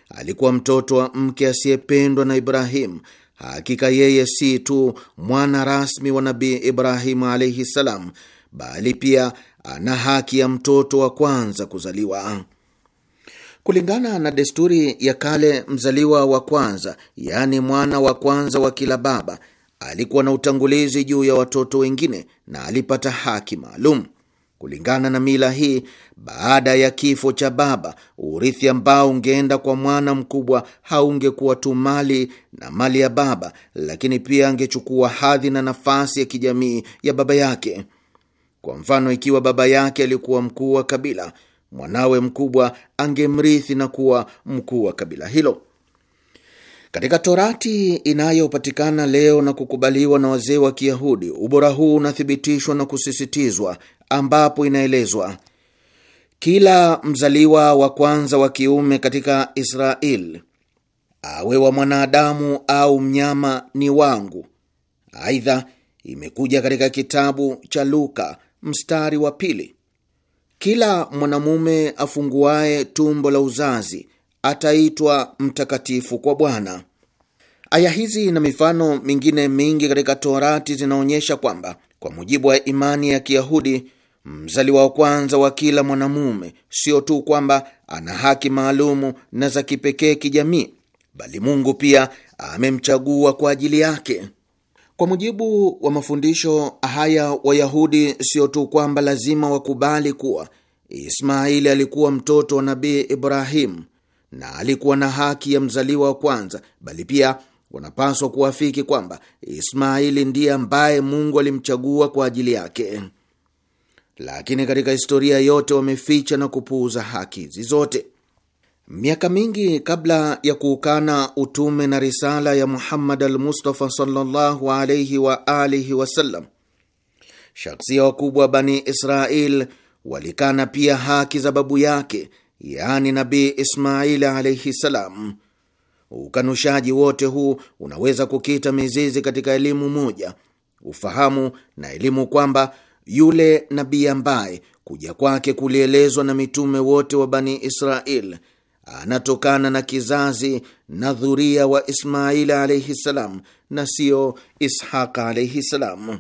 alikuwa mtoto wa mke asiyependwa na Ibrahimu, hakika yeye si tu mwana rasmi wa Nabii Ibrahimu alaihi salam, bali pia ana haki ya mtoto wa kwanza kuzaliwa. Kulingana na desturi ya kale, mzaliwa wa kwanza, yaani mwana wa kwanza wa kila baba, alikuwa na utangulizi juu ya watoto wengine na alipata haki maalum. Kulingana na mila hii, baada ya kifo cha baba, urithi ambao ungeenda kwa mwana mkubwa haungekuwa tu mali na mali ya baba, lakini pia angechukua hadhi na nafasi ya kijamii ya baba yake. Kwa mfano, ikiwa baba yake alikuwa mkuu wa kabila mwanawe mkubwa angemrithi na kuwa mkuu wa kabila hilo. Katika Torati inayopatikana leo na kukubaliwa na wazee wa Kiyahudi, ubora huu unathibitishwa na kusisitizwa, ambapo inaelezwa kila mzaliwa wa kwanza wa kiume katika israel awe wa mwanadamu au mnyama ni wangu. Aidha, imekuja katika kitabu cha Luka mstari wa pili kila mwanamume afunguaye tumbo la uzazi ataitwa mtakatifu kwa Bwana. Aya hizi na mifano mingine mingi katika Torati zinaonyesha kwamba kwa mujibu wa imani ya Kiyahudi, mzaliwa wa kwanza wa kila mwanamume sio tu kwamba ana haki maalumu na za kipekee kijamii, bali Mungu pia amemchagua kwa ajili yake. Kwa mujibu wa mafundisho haya, Wayahudi sio tu kwamba lazima wakubali kuwa Ismaili alikuwa mtoto wa Nabii Ibrahim na alikuwa na haki ya mzaliwa wa kwanza, bali pia wanapaswa kuafiki kwamba Ismaili ndiye ambaye Mungu alimchagua kwa ajili yake. Lakini katika historia yote wameficha na kupuuza haki hizi zote. Miaka mingi kabla ya kuukana utume na risala ya Muhammad al Mustafa sallallahu alaihi wa alihi wasallam, shakhsia wakubwa Bani Israil walikana pia haki za babu yake, yani Nabii Ismail alaihi salam. Ukanushaji wote huu unaweza kukita mizizi katika elimu moja, ufahamu na elimu kwamba yule nabii ambaye kuja kwake kulielezwa na mitume wote wa Bani Israil anatokana na kizazi na dhuria wa Ismaili alaihi ssalam na siyo Ishaqa alaihi ssalam.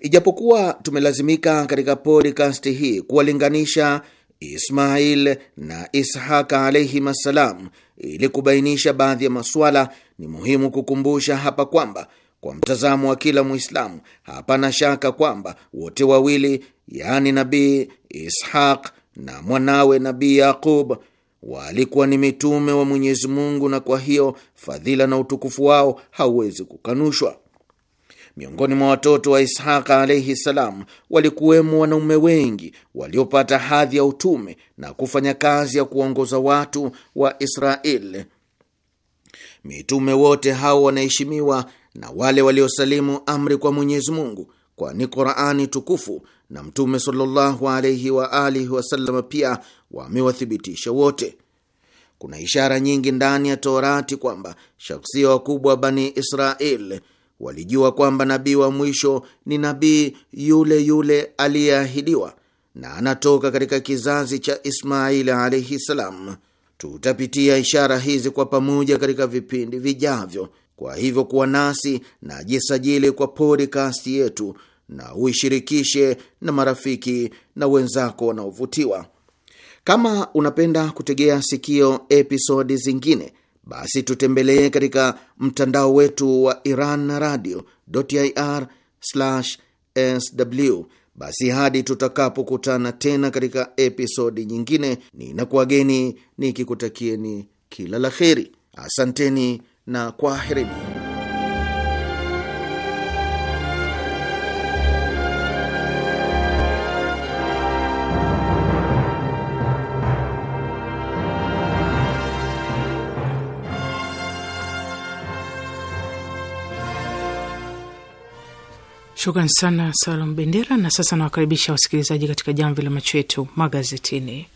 Ijapokuwa tumelazimika katika podcast hii kuwalinganisha Ismail na Ishaka alaihim assalam ili kubainisha baadhi ya masuala, ni muhimu kukumbusha hapa kwamba kwa mtazamo wa kila Mwislamu hapana shaka kwamba wote wawili, yaani Nabii Ishaq na mwanawe Nabii Yaqub walikuwa ni mitume wa Mwenyezi Mungu, na kwa hiyo fadhila na utukufu wao hauwezi kukanushwa. Miongoni mwa watoto wa Ishaqa alaihi salam walikuwemo wanaume wengi waliopata hadhi ya utume na kufanya kazi ya kuongoza watu wa israel Mitume wote hao wanaheshimiwa na wale waliosalimu amri kwa Mwenyezi Mungu, kwani Qurani tukufu na Mtume sallallahu alaihi wa alihi wasallam pia wamewathibitisha wote. Kuna ishara nyingi ndani ya Torati kwamba shakhsia wakubwa wa Bani Israel walijua kwamba nabii wa mwisho ni nabii yule yule aliyeahidiwa na anatoka katika kizazi cha Ismaili alaihi salam. Tutapitia ishara hizi kwa pamoja katika vipindi vijavyo. Kwa hivyo kuwa nasi na jisajili kwa podcast yetu na uishirikishe na marafiki na wenzako wanaovutiwa. Kama unapenda kutegea sikio episodi zingine, basi tutembelee katika mtandao wetu wa Iran Radio ir sw. Basi hadi tutakapokutana tena katika episodi nyingine, ninakuwageni nikikutakieni kila la kheri. Asanteni na kwaherini. Shukran sana Salum Bendera. Na sasa nawakaribisha wasikilizaji katika jamvi la macho yetu magazetini.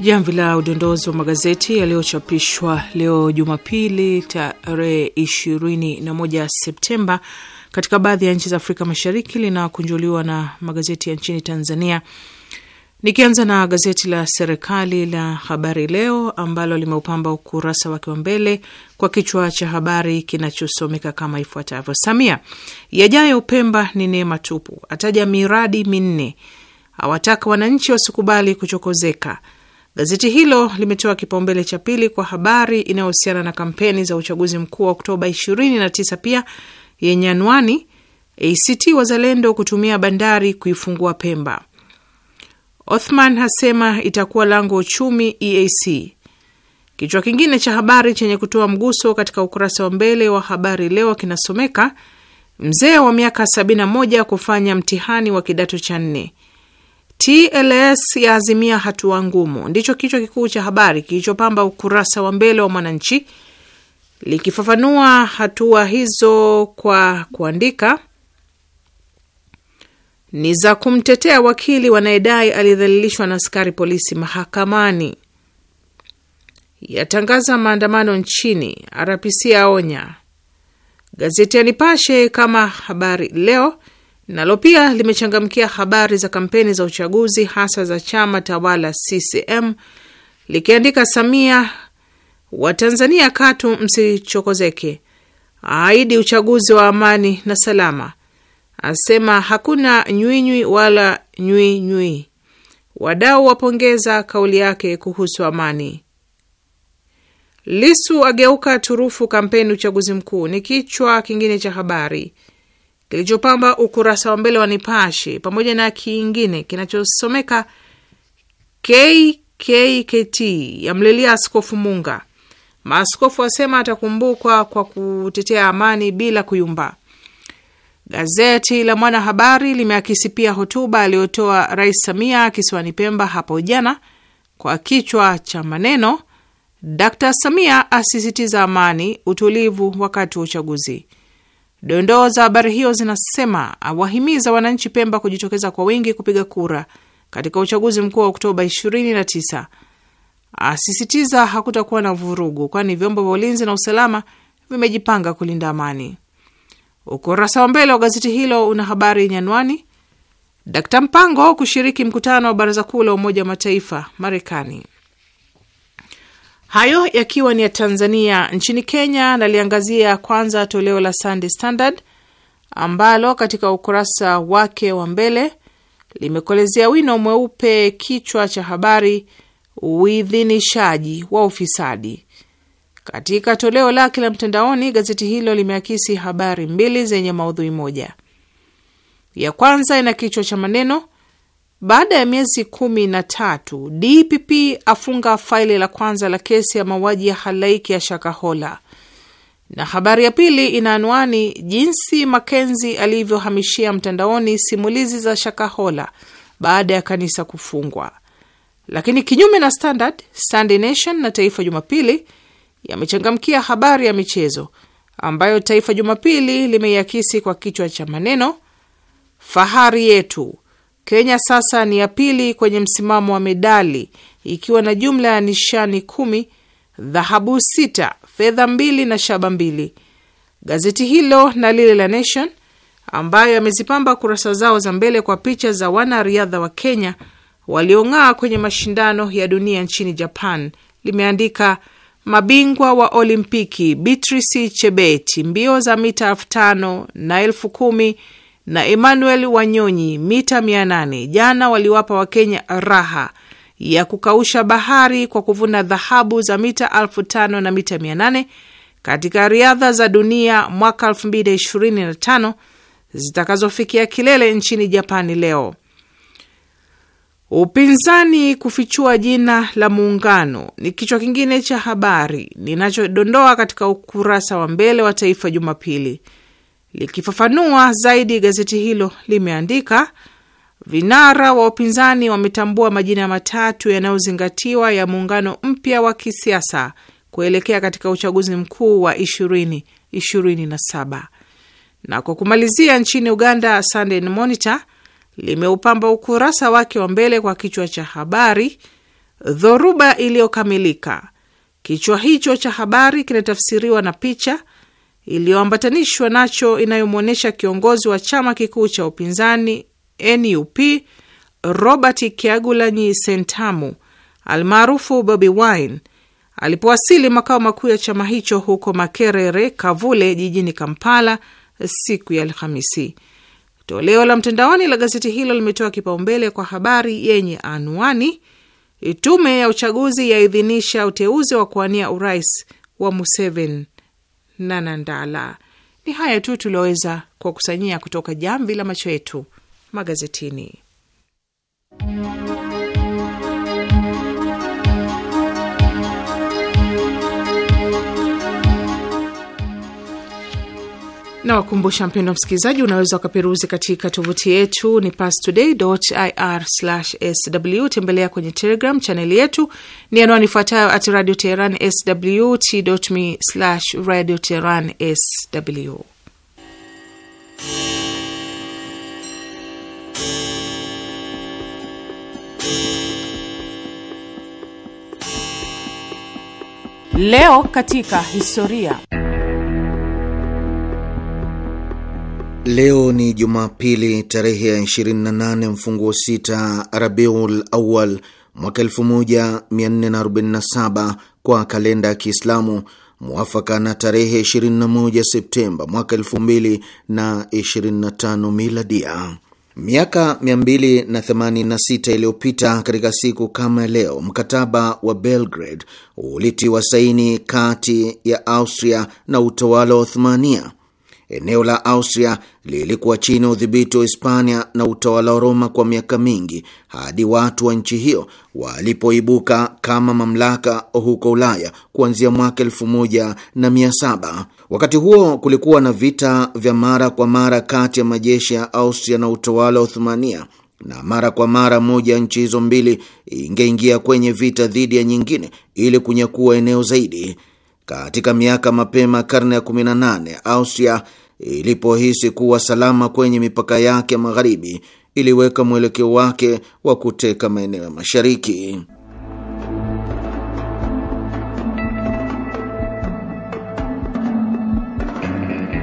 Jamvi la udondozi wa magazeti yaliyochapishwa leo Jumapili tarehe 21 Septemba katika baadhi ya nchi za Afrika Mashariki linakunjuliwa na magazeti ya nchini Tanzania Nikianza na gazeti la serikali la Habari Leo ambalo limeupamba ukurasa wake wa mbele kwa kichwa cha habari kinachosomeka kama ifuatavyo: Samia yajayo Pemba ni neema tupu, ataja miradi minne, awataka wananchi wasikubali kuchokozeka. Gazeti hilo limetoa kipaumbele cha pili kwa habari inayohusiana na kampeni za uchaguzi mkuu wa Oktoba 29 pia yenye anwani ACT Wazalendo kutumia bandari kuifungua Pemba. Othman hasema itakuwa lango uchumi EAC. Kichwa kingine cha habari chenye kutoa mguso katika ukurasa wa mbele wa habari leo kinasomeka mzee wa miaka 71 kufanya mtihani wa kidato cha nne, TLS yaazimia hatua ngumu, ndicho kichwa kikuu cha habari kilichopamba ukurasa wa mbele wa Mwananchi likifafanua hatua hizo kwa kuandika ni za kumtetea wakili wanayedai alidhalilishwa na askari polisi mahakamani. Yatangaza maandamano nchini. RPC aonya. Gazeti ya Nipashe kama Habari Leo nalo pia limechangamkia habari za kampeni za uchaguzi hasa za chama tawala CCM likiandika, Samia wa Tanzania katu msichokozeke, aidi uchaguzi wa amani na salama, asema hakuna nywinywi wala nywinywi. Wadau wapongeza kauli yake kuhusu amani. Lisu ageuka turufu kampeni uchaguzi mkuu ni kichwa kingine cha habari kilichopamba ukurasa wa mbele wa Nipashe pamoja na kingine kinachosomeka KKKT yamlilia Askofu Munga, maaskofu asema atakumbukwa kwa kutetea amani bila kuyumba. Gazeti la Mwanahabari limeakisi pia hotuba aliyotoa Rais Samia kisiwani Pemba hapo jana kwa kichwa cha maneno Dkt Samia asisitiza amani, utulivu wakati wa uchaguzi. Dondoo za habari hiyo zinasema awahimiza wananchi Pemba kujitokeza kwa wingi kupiga kura katika uchaguzi mkuu wa Oktoba 29. Asisitiza hakutakuwa na vurugu, kwani vyombo vya ulinzi na usalama vimejipanga kulinda amani. Ukurasa wa mbele wa gazeti hilo una habari yenye anwani Dkt Mpango kushiriki mkutano wa baraza kuu la Umoja wa Mataifa Marekani. Hayo yakiwa ni ya Tanzania. Nchini Kenya, naliangazia kwanza toleo la Sunday Standard ambalo katika ukurasa wake wa mbele limekolezea wino mweupe kichwa cha habari uidhinishaji wa ufisadi katika toleo lake la mtandaoni, gazeti hilo limeakisi habari mbili zenye maudhui moja. Ya kwanza ina kichwa cha maneno baada ya miezi kumi na tatu DPP afunga faili la kwanza la kesi ya mauaji ya halaiki ya Shakahola, na habari ya pili ina anwani jinsi Makenzi alivyohamishia mtandaoni simulizi za Shakahola baada ya kanisa kufungwa. Lakini kinyume na Standard, Sunday Nation na Taifa Jumapili yamechangamkia habari ya michezo ambayo Taifa Jumapili limeiakisi kwa kichwa cha maneno fahari yetu, Kenya sasa ni ya pili kwenye msimamo wa medali ikiwa na jumla ya nishani kumi, dhahabu sita, fedha mbili na shaba mbili. Gazeti hilo na lile la Nation ambayo yamezipamba kurasa zao za mbele kwa picha za wanariadha wa Kenya waliong'aa kwenye mashindano ya dunia nchini Japan limeandika Mabingwa wa Olimpiki Beatrice Chebet mbio za mita elfu tano na elfu kumi na Emmanuel Wanyonyi mita mia nane jana waliwapa Wakenya raha ya kukausha bahari kwa kuvuna dhahabu za mita elfu tano na mita mia nane katika riadha za dunia mwaka 2025 zitakazofikia kilele nchini Japani leo. Upinzani kufichua jina la muungano ni kichwa kingine cha habari ninachodondoa katika ukurasa wa mbele wa Taifa Jumapili. Likifafanua zaidi, gazeti hilo limeandika vinara wa upinzani wametambua majina matatu yanayozingatiwa ya muungano mpya wa kisiasa kuelekea katika uchaguzi mkuu wa 2027. Na kwa kumalizia, nchini Uganda, Sunday Monitor limeupamba ukurasa wake wa mbele kwa kichwa cha habari dhoruba iliyokamilika. Kichwa hicho cha habari kinatafsiriwa na picha iliyoambatanishwa nacho inayomwonyesha kiongozi wa chama kikuu cha upinzani NUP Robert Kyagulanyi Sentamu almaarufu Bobi Wine alipowasili makao makuu ya chama hicho huko Makerere, Kavule, jijini Kampala siku ya Alhamisi. Toleo la mtandaoni la gazeti hilo limetoa kipaumbele kwa habari yenye anwani tume ya uchaguzi yaidhinisha uteuzi wa kuwania urais wa Museveni na Nandala. Ni haya tu tulioweza kuwakusanyia kutoka jamvi la macho yetu magazetini. na wakumbusha mpendo msikilizaji, unaweza ukaperuzi katika tovuti yetu ni pastoday.ir/sw. Tembelea kwenye Telegram chaneli yetu ni anwani ifuatayo at Radio Teheran sw t.me/radio teheran sw. Leo katika historia Leo ni Jumapili tarehe ya 28 mfunguo sita Rabiul Awal mwaka 1447 kwa kalenda ya Kiislamu, mwafaka na tarehe 21 Septemba mwaka 2025 miladia. Miaka 286 iliyopita katika siku kama leo, mkataba wa Belgrade ulitiwa saini kati ya Austria na utawala wa Uthmania Eneo la Austria lilikuwa chini ya udhibiti wa Hispania na utawala wa Roma kwa miaka mingi hadi watu wa nchi hiyo walipoibuka kama mamlaka huko Ulaya kuanzia mwaka elfu moja na mia saba. Wakati huo kulikuwa na vita vya mara kwa mara kati ya majeshi ya Austria na utawala wa Uthumania na mara kwa mara moja ya nchi hizo mbili ingeingia kwenye vita dhidi ya nyingine ili kunyakua eneo zaidi. Katika miaka mapema karne ya 18 Austria ilipohisi kuwa salama kwenye mipaka yake magharibi, iliweka mwelekeo wake wa kuteka maeneo ya mashariki.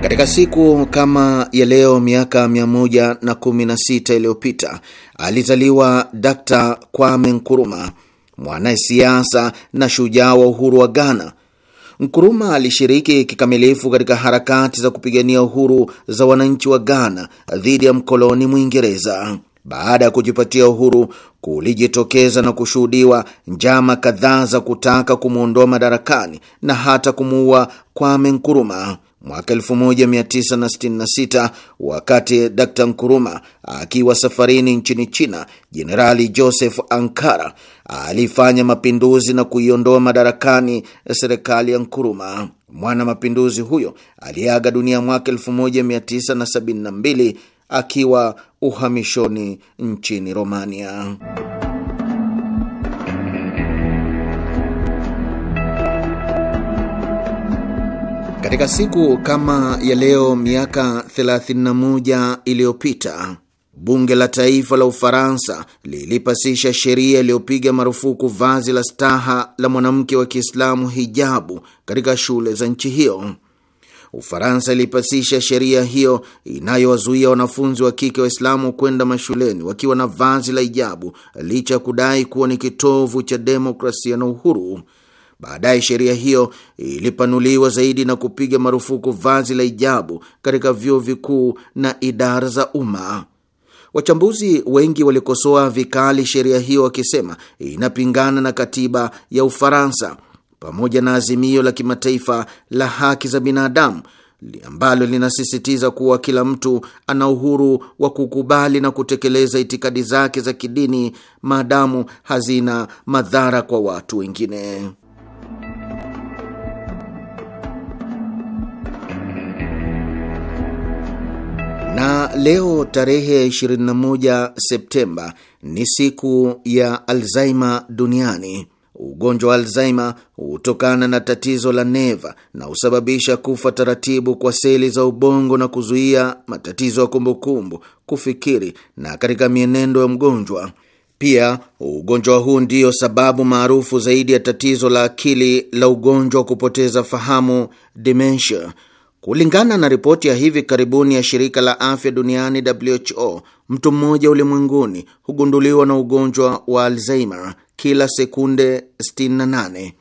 Katika siku kama ya leo miaka 116 iliyopita alizaliwa d Kwame Nkrumah, mwanasiasa na shujaa wa uhuru wa Ghana Nkuruma alishiriki kikamilifu katika harakati za kupigania uhuru za wananchi wa Ghana dhidi ya mkoloni Mwingereza. Baada ya kujipatia uhuru, kulijitokeza na kushuhudiwa njama kadhaa za kutaka kumwondoa madarakani na hata kumuua Kwame Nkuruma mwaka 1966 wakati Dr Nkuruma akiwa safarini nchini China, Jenerali Joseph Ankara alifanya mapinduzi na kuiondoa madarakani serikali ya Nkuruma. Mwana mapinduzi huyo aliaga dunia mwaka 1972 akiwa uhamishoni nchini Romania. Katika siku kama ya leo miaka 31 iliyopita bunge la taifa la Ufaransa lilipasisha sheria iliyopiga marufuku vazi la staha la mwanamke wa Kiislamu, hijabu, katika shule za nchi hiyo. Ufaransa ilipasisha sheria hiyo inayowazuia wanafunzi wa kike Waislamu kwenda mashuleni wakiwa na vazi la hijabu licha ya kudai kuwa ni kitovu cha demokrasia na uhuru. Baadaye sheria hiyo ilipanuliwa zaidi na kupiga marufuku vazi la hijabu katika vyuo vikuu na idara za umma. Wachambuzi wengi walikosoa vikali sheria hiyo wakisema inapingana na katiba ya Ufaransa pamoja na azimio la kimataifa la haki za binadamu ambalo linasisitiza kuwa kila mtu ana uhuru wa kukubali na kutekeleza itikadi zake za kidini maadamu hazina madhara kwa watu wengine. leo tarehe 21 Septemba ni siku ya Alzheimer duniani. Ugonjwa wa Alzheimer hutokana na tatizo la neva na husababisha kufa taratibu kwa seli za ubongo na kuzuia matatizo ya kumbukumbu, kufikiri na katika mienendo ya mgonjwa. Pia ugonjwa huu ndiyo sababu maarufu zaidi ya tatizo la akili la ugonjwa wa kupoteza fahamu, dementia Kulingana na ripoti ya hivi karibuni ya shirika la afya duniani WHO, mtu mmoja ulimwenguni hugunduliwa na ugonjwa wa Alzheimer kila sekunde 68.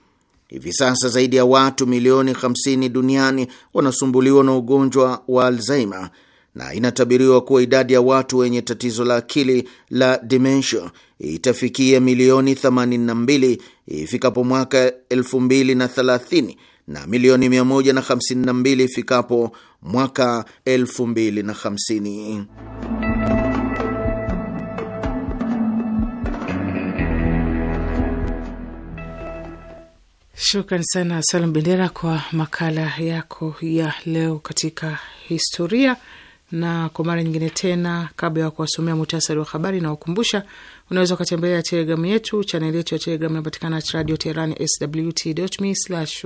Hivi sasa zaidi ya watu milioni 50 duniani wanasumbuliwa na ugonjwa wa Alzheimer na inatabiriwa kuwa idadi ya watu wenye tatizo la akili la dementia itafikia milioni 82 ifikapo mwaka 2030 na milioni 152 ifikapo mwaka 2050. Shukran sana Salim Bendera kwa makala yako ya leo katika historia. Na kwa mara nyingine tena, kabla ya kuwasomea muhtasari wa habari, nawakumbusha Unaweza ukatembelea telegramu yetu, chaneli yetu ya telegramu inapatikana radio teherani swt.me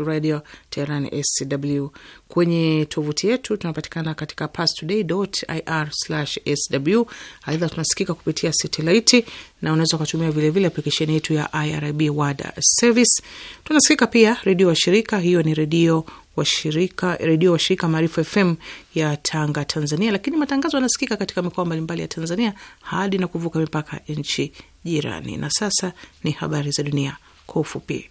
radio teherani sw. Kwenye tovuti yetu tunapatikana katika pastoday.ir sw. Aidha, tunasikika kupitia satelaiti na unaweza ukatumia vilevile aplikesheni yetu ya IRIB wad service. Tunasikika pia redio wa shirika, hiyo ni redio washirika redio washirika Maarifa FM ya Tanga, Tanzania, lakini matangazo yanasikika katika mikoa mbalimbali ya Tanzania hadi na kuvuka mipaka ya nchi jirani. Na sasa ni habari za dunia kwa ufupi.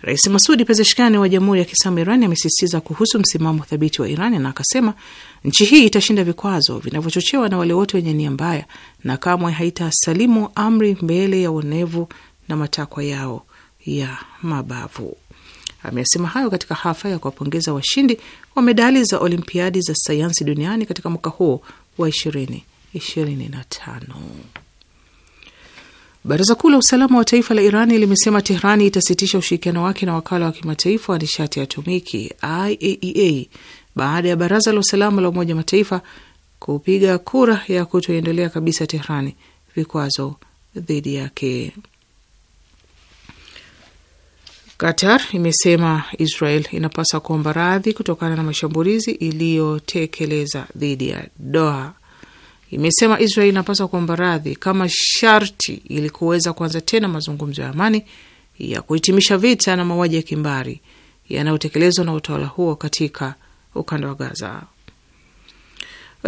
Rais Masudi Pezeshkani wa Jamhuri ya Kiislamu Iran amesisitiza kuhusu msimamo thabiti wa Iran na akasema nchi hii itashinda vikwazo vinavyochochewa na wale wote wenye nia mbaya na kamwe haitasalimu amri mbele ya uonevu na matakwa yao ya mabavu. Amesema hayo katika hafla ya kuwapongeza washindi wa medali za Olimpiadi za sayansi duniani katika mwaka huo wa 2025. Baraza Kuu la Usalama wa Taifa la Irani limesema Tehrani itasitisha ushirikiano wake na wakala wa kimataifa wa nishati ya atomiki IAEA e baada ya Baraza la Usalama la Umoja Mataifa kupiga kura ya kutoendelea kabisa Tehrani vikwazo dhidi yake. Qatar imesema Israel inapaswa kuomba radhi kutokana na mashambulizi iliyotekeleza dhidi ya Doha. Imesema Israel inapaswa kuomba radhi kama sharti ili kuweza kuanza tena mazungumzo ya amani ya kuhitimisha vita na mauaji ya kimbari yanayotekelezwa na utawala huo katika ukanda wa Gaza.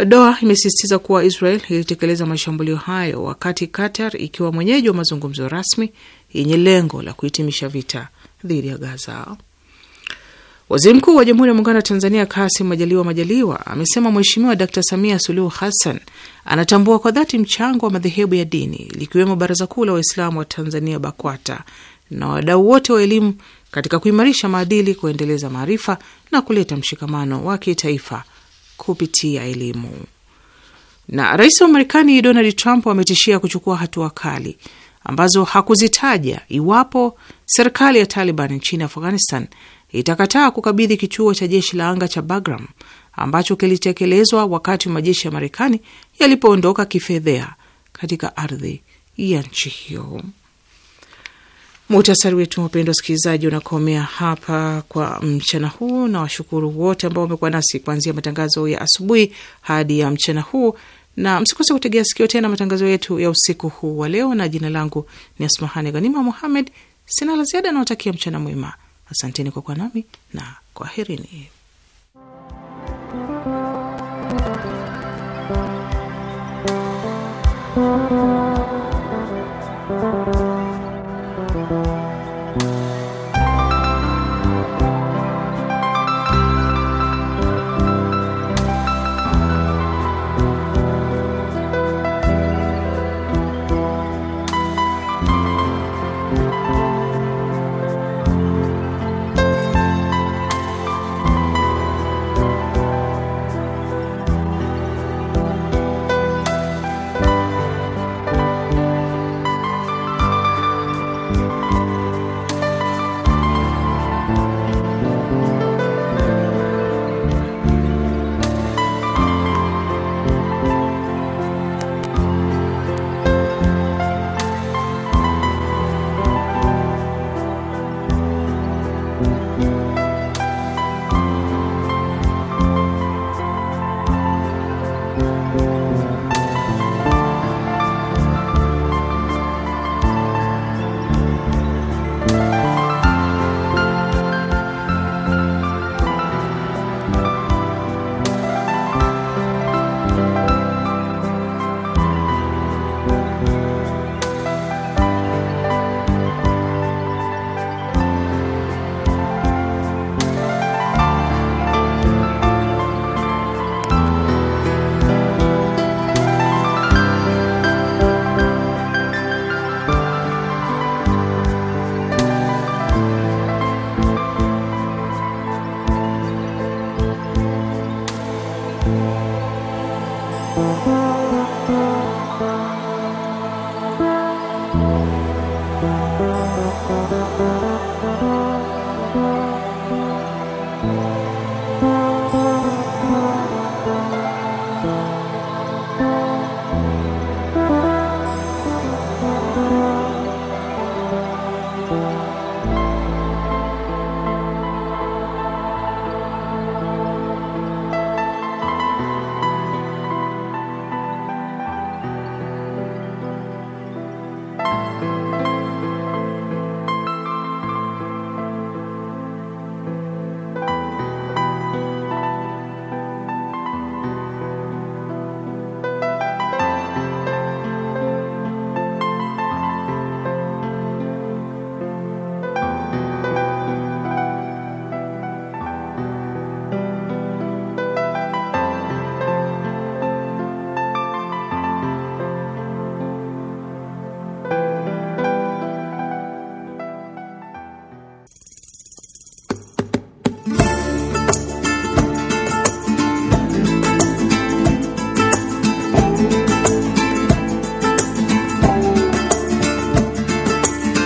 Doha imesisitiza kuwa Israel ilitekeleza mashambulio hayo wakati Qatar ikiwa mwenyeji wa mazungumzo rasmi yenye lengo la kuhitimisha vita dhidi ya Gaza. Waziri Mkuu wa Jamhuri ya Muungano wa Tanzania Kasim Majaliwa Majaliwa amesema Mheshimiwa Dkt Samia Suluhu Hassan anatambua kwa dhati mchango wa madhehebu ya dini likiwemo Baraza Kuu la Waislamu wa Tanzania BAKWATA na wadau wote wa elimu katika kuimarisha maadili, kuendeleza maarifa na kuleta mshikamano wa kitaifa kupitia elimu. Na rais wa Marekani Donald Trump ametishia kuchukua hatua kali ambazo hakuzitaja iwapo serikali ya Taliban nchini Afghanistan itakataa kukabidhi kichuo cha jeshi la anga cha Bagram ambacho kilitekelezwa wakati majeshi ya Marekani yalipoondoka kifedhea katika ardhi ya nchi hiyo. Muhtasari wetu wapendwa wasikilizaji, unakomea hapa kwa mchana huu, na washukuru wote ambao wamekuwa nasi kuanzia matangazo ya asubuhi hadi ya mchana huu na msikose kutegea sikio tena matangazo yetu ya usiku huu wa leo, na jina langu ni Asmahani Ghanima Muhammed. Sina la ziada, nawatakia mchana mwema. Asanteni kwa kuwa nami na kwaherini.